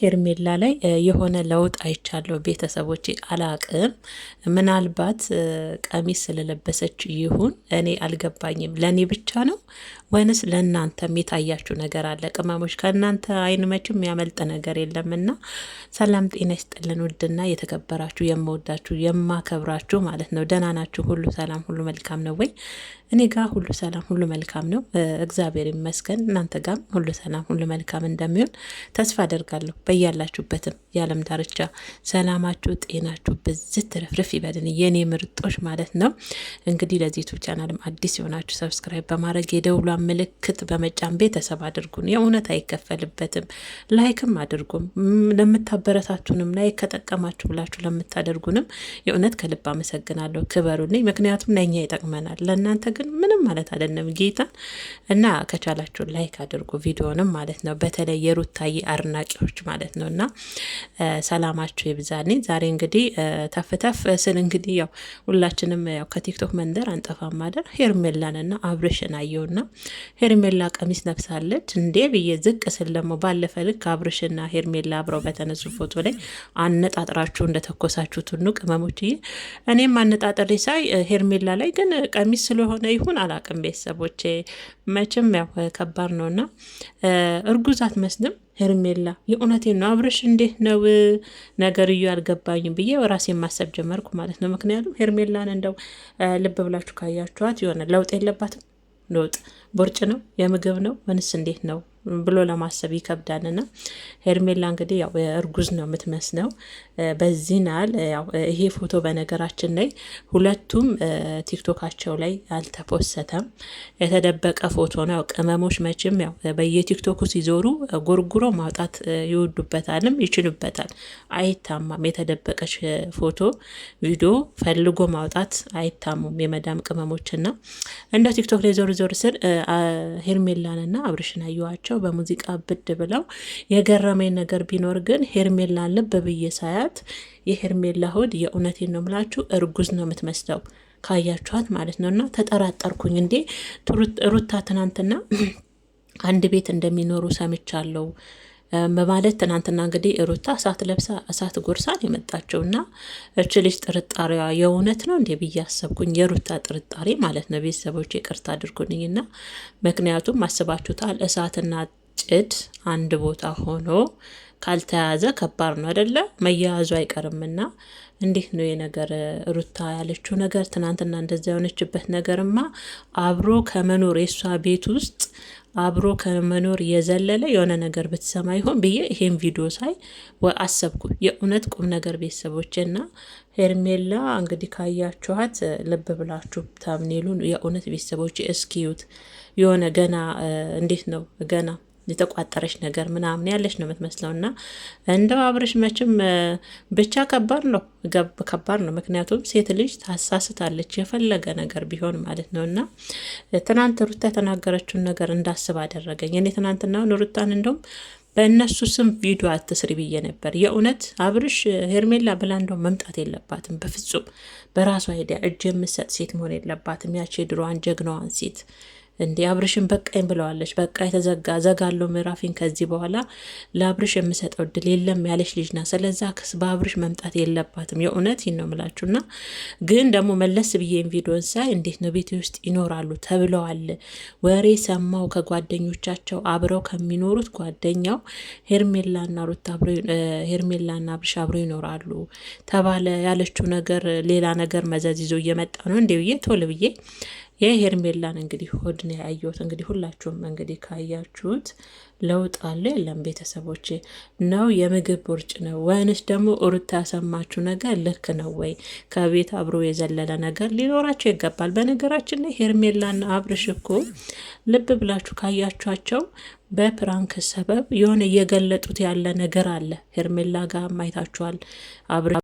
ሄርሜላ ላይ የሆነ ለውጥ አይቻለሁ ቤተሰቦች አላቅም። ምናልባት ቀሚስ ስለለበሰች ይሁን እኔ አልገባኝም። ለእኔ ብቻ ነው ወይንስ ለእናንተም የታያችሁ ነገር አለ? ቅመሞች ከእናንተ አይን መችም የሚያመልጥ ነገር የለምና፣ ሰላም ጤና ይስጥልን። ውድና የተከበራችሁ የምወዳችሁ የማከብራችሁ ማለት ነው፣ ደህና ናችሁ? ሁሉ ሰላም፣ ሁሉ መልካም ነው ወይ? እኔ ጋ ሁሉ ሰላም፣ ሁሉ መልካም ነው፣ እግዚአብሔር ይመስገን። እናንተ ጋም ሁሉ ሰላም፣ ሁሉ መልካም እንደሚሆን ተስፋ አደርጋለሁ። እመኛለሁ። በያላችሁበትም የዓለም ዳርቻ ሰላማችሁ፣ ጤናችሁ ብዝት ትርፍርፍ ይበልን የኔ ምርጦች ማለት ነው። እንግዲህ ለዚህ ዩቱብ ቻናልም አዲስ የሆናችሁ ሰብስክራይብ በማድረግ የደውሏን ምልክት በመጫን ቤተሰብ አድርጉን። የእውነት አይከፈልበትም። ላይክም አድርጉም ለምታበረታችሁንም ላይክ ከጠቀማችሁ ብላችሁ ለምታደርጉንም የእውነት ከልብ አመሰግናለሁ። ክበሩልኝ። ምክንያቱም ለእኛ ይጠቅመናል፣ ለእናንተ ግን ምንም ማለት አይደለም ጌታ እና ከቻላችሁ ላይክ አድርጉ ቪዲዮንም ማለት ነው። በተለይ የሩታዬ አድናቂዎች ማለት ነው። እና ሰላማችሁ ይብዛኔ። ዛሬ እንግዲህ ተፍተፍ ስል እንግዲህ ያው ሁላችንም ያው ከቲክቶክ መንደር አንጠፋም ማደር ሄርሜላንና አብርሽን አየውና ሄርሜላ ቀሚስ ነፍሳለች እንዴ ብዬ ዝቅ ስል ደግሞ ባለፈ ልክ አብርሽና ሄርሜላ አብረው በተነሱ ፎቶ ላይ አነጣጥራችሁ እንደተኮሳችሁ ትኑ ቅመሞችዬ። እኔም አነጣጠሪ ሳይ ሄርሜላ ላይ ግን ቀሚስ ስለሆነ ይሁን አላቅም ቤተሰቦቼ መቼም ያው ከባድ ነውና እርጉዝ አትመስልም። ሄርሜላ የእውነቴን ነው አብርሽ እንዴት ነው እዩ አልገባኝም ብዬ ራሴን ማሰብ ጀመርኩ ማለት ነው። ምክንያቱም ሄርሜላን እንደው ልብ ብላችሁ ካያችኋት የሆነ ለውጥ የለባትም። ለውጥ ቦርጭ ነው የምግብ ነው ምንስ እንዴት ነው ብሎ ለማሰብ ይከብዳል። ና ሄርሜላ እንግዲህ ያው እርጉዝ ነው የምትመስለው። በዚህ ናል ያው ይሄ ፎቶ በነገራችን ላይ ሁለቱም ቲክቶካቸው ላይ አልተፖሰተም፣ የተደበቀ ፎቶ ነው። ያው ቅመሞች መቼም ያው በየቲክቶኩ ሲዞሩ ጎርጉሮ ማውጣት ይወዱበታልም ይችሉበታል። አይታማም። የተደበቀች ፎቶ ቪዲዮ ፈልጎ ማውጣት አይታሙም የመዳም ቅመሞችና እንደ ቲክቶክ ላይ ዞር ዞር ስል ሄርሜላንና አብርሽን አየዋቸው። ናቸው። በሙዚቃ ብድ ብለው የገረመኝ ነገር ቢኖር ግን ሄርሜላ ልብ ብዬ ሳያት የሄርሜላ ሆድ የእውነቴ ነው ምላችሁ እርጉዝ ነው የምትመስለው ካያችኋት ማለት ነው። እና ተጠራጠርኩኝ እንዴ ሩታ ትናንትና አንድ ቤት እንደሚኖሩ ሰምቻለሁ በማለት ትናንትና እንግዲህ ሩታ እሳት ለብሳ እሳት ጎርሳን የመጣችው እና እች ልጅ ጥርጣሬዋ የእውነት ነው እንዴ ብዬ አሰብኩኝ። የሩታ ጥርጣሬ ማለት ነው። ቤተሰቦች ይቅርታ አድርጉልኝና ምክንያቱም አስባችሁታል እሳትና ጭድ አንድ ቦታ ሆኖ ካልተያዘ ከባድ ነው አደለ? መያያዙ አይቀርምና እንዴት ነው የነገር ሩታ ያለችው ነገር ትናንትና እንደዚ የሆነችበት ነገርማ አብሮ ከመኖር የእሷ ቤት ውስጥ አብሮ ከመኖር የዘለለ የሆነ ነገር ብትሰማ ይሆን ብዬ ይሄን ቪዲዮ ሳይ አሰብኩ። የእውነት ቁም ነገር ቤተሰቦቼና ሄርሜላ እንግዲህ ካያችኋት ልብ ብላችሁ ታምኔሉን የእውነት ቤተሰቦች እስኪዩት የሆነ ገና እንዴት ነው ገና የተቋጠረች ነገር ምናምን ያለች ነው የምትመስለው። እና እንደው አብርሽ መቼም ብቻ ከባድ ነው ከባድ ነው። ምክንያቱም ሴት ልጅ ታሳስታለች የፈለገ ነገር ቢሆን ማለት ነው። እና ትናንት ሩታ የተናገረችውን ነገር እንዳስብ አደረገኝ። እኔ ትናንትናውን ሩታን እንደውም በእነሱ ስም ቪዲዮ አትስሪ ብዬ ነበር። የእውነት አብርሽ ሄርሜላ ብላ እንደው መምጣት የለባትም በፍጹም። በራሷ ሄዳ እጅ የምትሰጥ ሴት መሆን የለባትም። ያቺ የድሮዋን ጀግናዋን ሴት እንዲህ አብርሽን በቃኝ ብለዋለች። በቃ የተዘጋ ዘጋለው ምዕራፊን ከዚህ በኋላ ለአብርሽ የምሰጠው እድል የለም ያለች ልጅ ናት። ስለዛ በአብርሽ መምጣት የለባትም። የእውነት ይህ ነው ምላችሁ እና ግን ደግሞ መለስ ብዬ ቪዲዮን ሳይ እንዴት ነው ቤቴ ውስጥ ይኖራሉ ተብለዋል። ወሬ ሰማው ከጓደኞቻቸው አብረው ከሚኖሩት ጓደኛው ሄርሜላና ሩት ሄርሜላና አብርሽ አብረው ይኖራሉ ተባለ ያለችው ነገር ሌላ ነገር መዘዝ ይዞ እየመጣ ነው እንዴ ብዬ ቶል ብዬ የሄርሜላን እንግዲህ ሆድ ነው ያየሁት። እንግዲህ ሁላችሁም እንግዲህ ካያችሁት ለውጥ አለ የለም? ቤተሰቦች ነው የምግብ ውርጭ ነው ወይንስ ደግሞ ሩታ ያሰማችሁ ነገር ልክ ነው ወይ? ከቤት አብሮ የዘለለ ነገር ሊኖራቸው ይገባል። በነገራችን ላይ ሄርሜላና አብርሽ እኮ ልብ ብላችሁ ካያችኋቸው በፕራንክ ሰበብ የሆነ እየገለጡት ያለ ነገር አለ። ሄርሜላ ጋር ማይታችኋል።